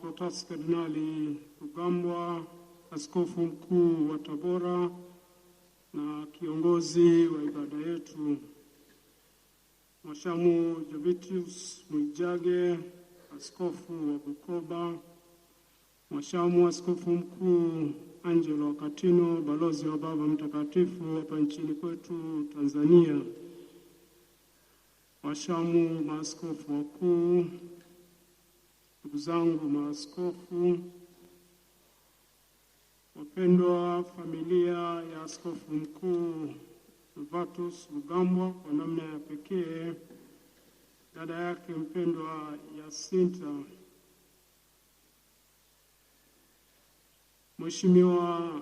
Protas Kardinali Rugambwa, askofu mkuu wa Tabora na kiongozi wa ibada yetu, Mwashamu Jovitus Mwijage, askofu wa Bukoba, Mwashamu askofu mkuu Angelo Katino, balozi wa Baba Mtakatifu hapa nchini kwetu Tanzania, washamu maaskofu wakuu ndugu zangu maaskofu, wapendwa familia ya askofu mkuu Novatus Rugambwa, kwa namna ya pekee dada yake mpendwa Yasinta, Mheshimiwa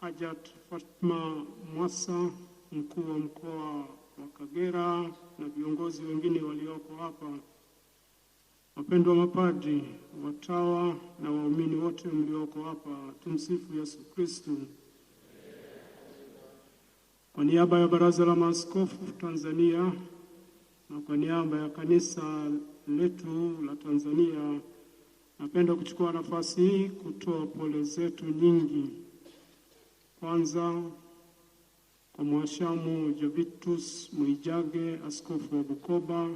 Hajat Fatma Mwasa, mkuu wa mkoa wa Kagera na viongozi wengine walioko hapa. Wapendwa mapadi watawa na waumini wote mlioko hapa, tumsifu Yesu Kristo. Kwa niaba ya Baraza la Maaskofu Tanzania na kwa niaba ya kanisa letu la Tanzania, napenda kuchukua nafasi hii kutoa pole zetu nyingi, kwanza kwa Mhashamu Jovitus Mwijage, askofu wa Bukoba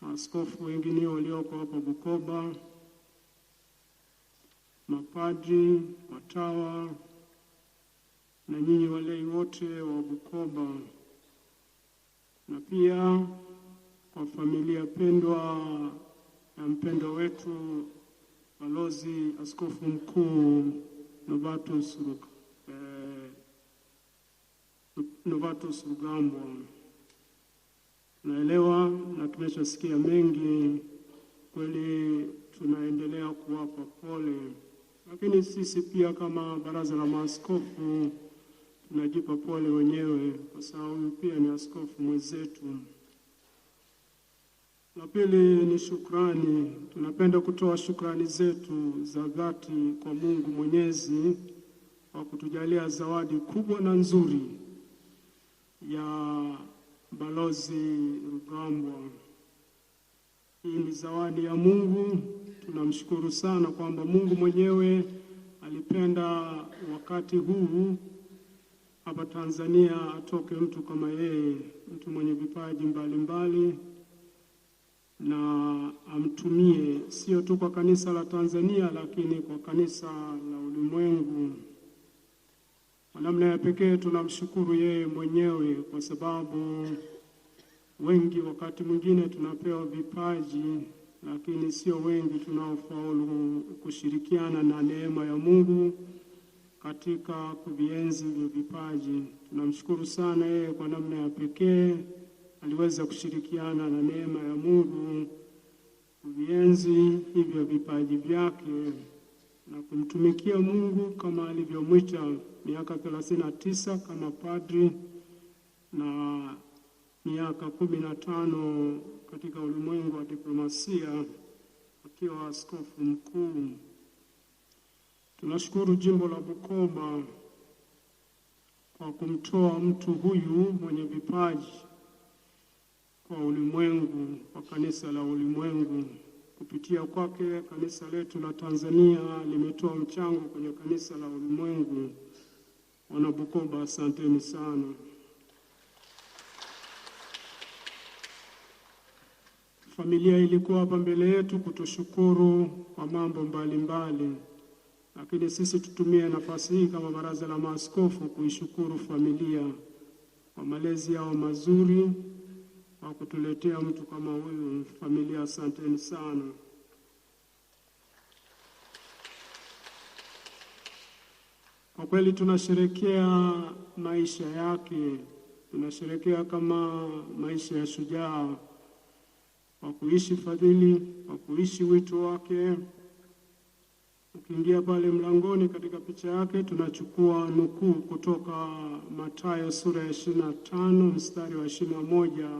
maaskofu wengine walioko hapa Bukoba, mapadri, watawa na nyinyi walei wote wa Bukoba, na pia kwa familia pendwa na mpendwa wetu Balozi Askofu Mkuu Novatus eh, Rugambwa. Naelewa na tumeshasikia mengi kweli, tunaendelea kuwapa pole, lakini sisi pia kama baraza la maaskofu tunajipa pole wenyewe, kwa sababu pia ni askofu mwenzetu. La pili ni shukrani. Tunapenda kutoa shukrani zetu za dhati kwa Mungu Mwenyezi kwa kutujalia zawadi kubwa na nzuri ya Balozi Rugambwa, hii ni zawadi ya Mungu. Tunamshukuru sana kwamba Mungu mwenyewe alipenda wakati huu hapa Tanzania atoke mtu kama yeye, mtu mwenye vipaji mbalimbali, na amtumie sio tu kwa kanisa la Tanzania, lakini kwa kanisa la ulimwengu namna ya pekee tunamshukuru yeye mwenyewe kwa sababu wengi wakati mwingine tunapewa vipaji, lakini sio wengi tunaofaulu kushirikiana na neema ya Mungu katika kuvienzi hivyo vipaji. Tunamshukuru sana yeye kwa namna ya pekee aliweza kushirikiana na neema ya Mungu kuvienzi hivyo vipaji vyake na kumtumikia Mungu kama alivyomwita miaka thelathini na tisa kama padri na miaka kumi na tano katika ulimwengu wa diplomasia akiwa askofu mkuu. Tunashukuru jimbo la Bukoba kwa kumtoa mtu huyu mwenye vipaji kwa ulimwengu, kwa kanisa la ulimwengu. Kupitia kwake kanisa letu la Tanzania limetoa mchango kwenye kanisa la ulimwengu. Wanabukoba, asanteni sana. Familia ilikuwa hapa mbele yetu kutushukuru kwa mambo mbalimbali, lakini sisi tutumie nafasi hii kama baraza la maaskofu kuishukuru familia kwa malezi yao mazuri kwa kutuletea mtu kama huyu. Familia, asanteni sana. Kwa kweli tunasherekea maisha yake, tunasherekea kama maisha ya shujaa kwa kuishi fadhili, kwa kuishi wito wake. Ukiingia pale mlangoni katika picha yake tunachukua nukuu kutoka Mathayo sura ya ishirini na tano mstari wa ishirini na moja.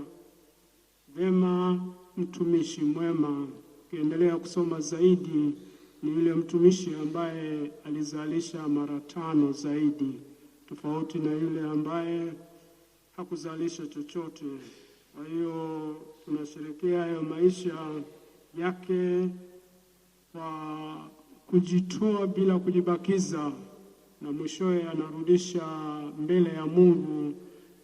Vema, mtumishi mwema. Ukiendelea kusoma zaidi, ni yule mtumishi ambaye alizalisha mara tano zaidi, tofauti na yule ambaye hakuzalisha chochote. Kwa hiyo tunasherekea hayo maisha yake kwa kujitoa bila kujibakiza, na mwishowe anarudisha mbele ya Mungu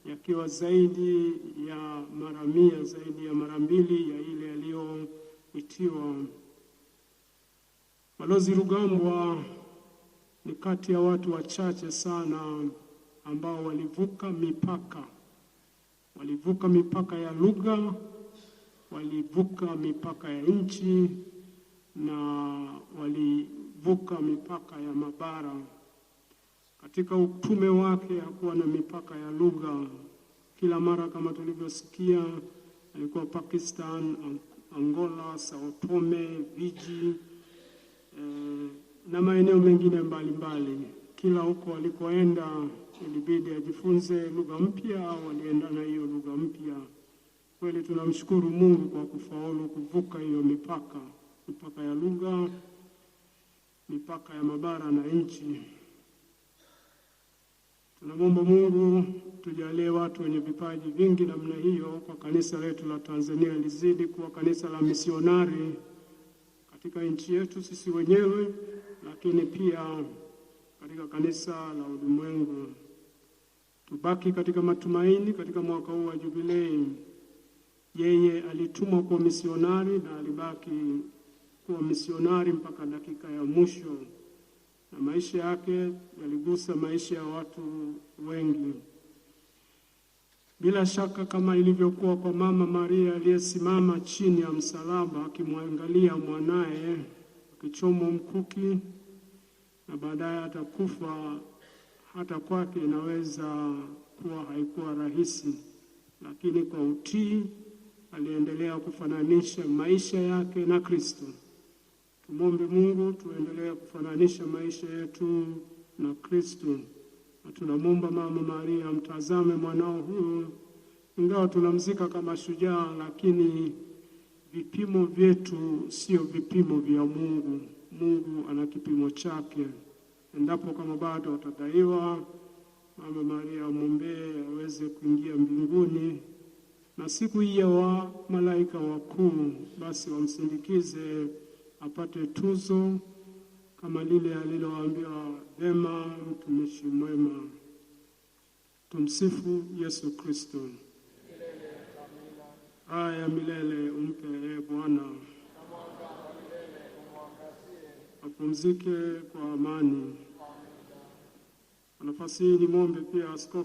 yakiwa zaidi ya mara mia zaidi ya mara mbili ya ile aliyoitiwa. Balozi Rugambwa ni kati ya watu wachache sana ambao walivuka mipaka, walivuka mipaka ya lugha, walivuka mipaka ya nchi na walivuka mipaka ya mabara. Katika utume wake hakuwa na mipaka ya lugha. Kila mara kama tulivyosikia, alikuwa Pakistan, Angola, Sao Tome, Viji eh, na maeneo mengine mbalimbali mbali. Kila huko alikoenda ilibidi ajifunze lugha mpya au alienda na hiyo lugha mpya. Kweli tunamshukuru Mungu kwa kufaulu kuvuka hiyo mipaka, mipaka ya lugha, mipaka ya mabara na nchi. Tunamwomba Mungu tujalie watu wenye vipaji vingi namna hiyo, kwa kanisa letu la Tanzania lizidi kuwa kanisa la misionari katika nchi yetu sisi wenyewe, lakini pia katika kanisa la ulimwengu. Tubaki katika matumaini katika mwaka huu wa Jubilei. Yeye alitumwa kuwa misionari na alibaki kuwa misionari mpaka dakika ya mwisho na maisha yake yaligusa maisha ya watu wengi. Bila shaka, kama ilivyokuwa kwa Mama Maria aliyesimama chini ya msalaba akimwangalia mwanaye akichomwa mkuki na baadaye atakufa, hata kwake inaweza kuwa haikuwa rahisi, lakini kwa utii aliendelea kufananisha maisha yake na Kristo. Tumwombe Mungu tuendelee kufananisha maisha yetu na Kristo, na tunamwomba Mama Maria mtazame mwanao huyu, ingawa tunamzika kama shujaa, lakini vipimo vyetu sio vipimo vya Mungu. Mungu ana kipimo chake. Endapo kama bado atadaiwa, Mama Maria amwombee aweze kuingia mbinguni, na siku hii ya wa malaika wakuu basi wamsindikize apate tuzo kama lile alilowaambia Dema, mtumishi mwema. Tumsifu Yesu Kristo. Aya ya milele umpe e Bwana, apumzike kwa amani. Kwa nafasi hii nimwombe pia askofu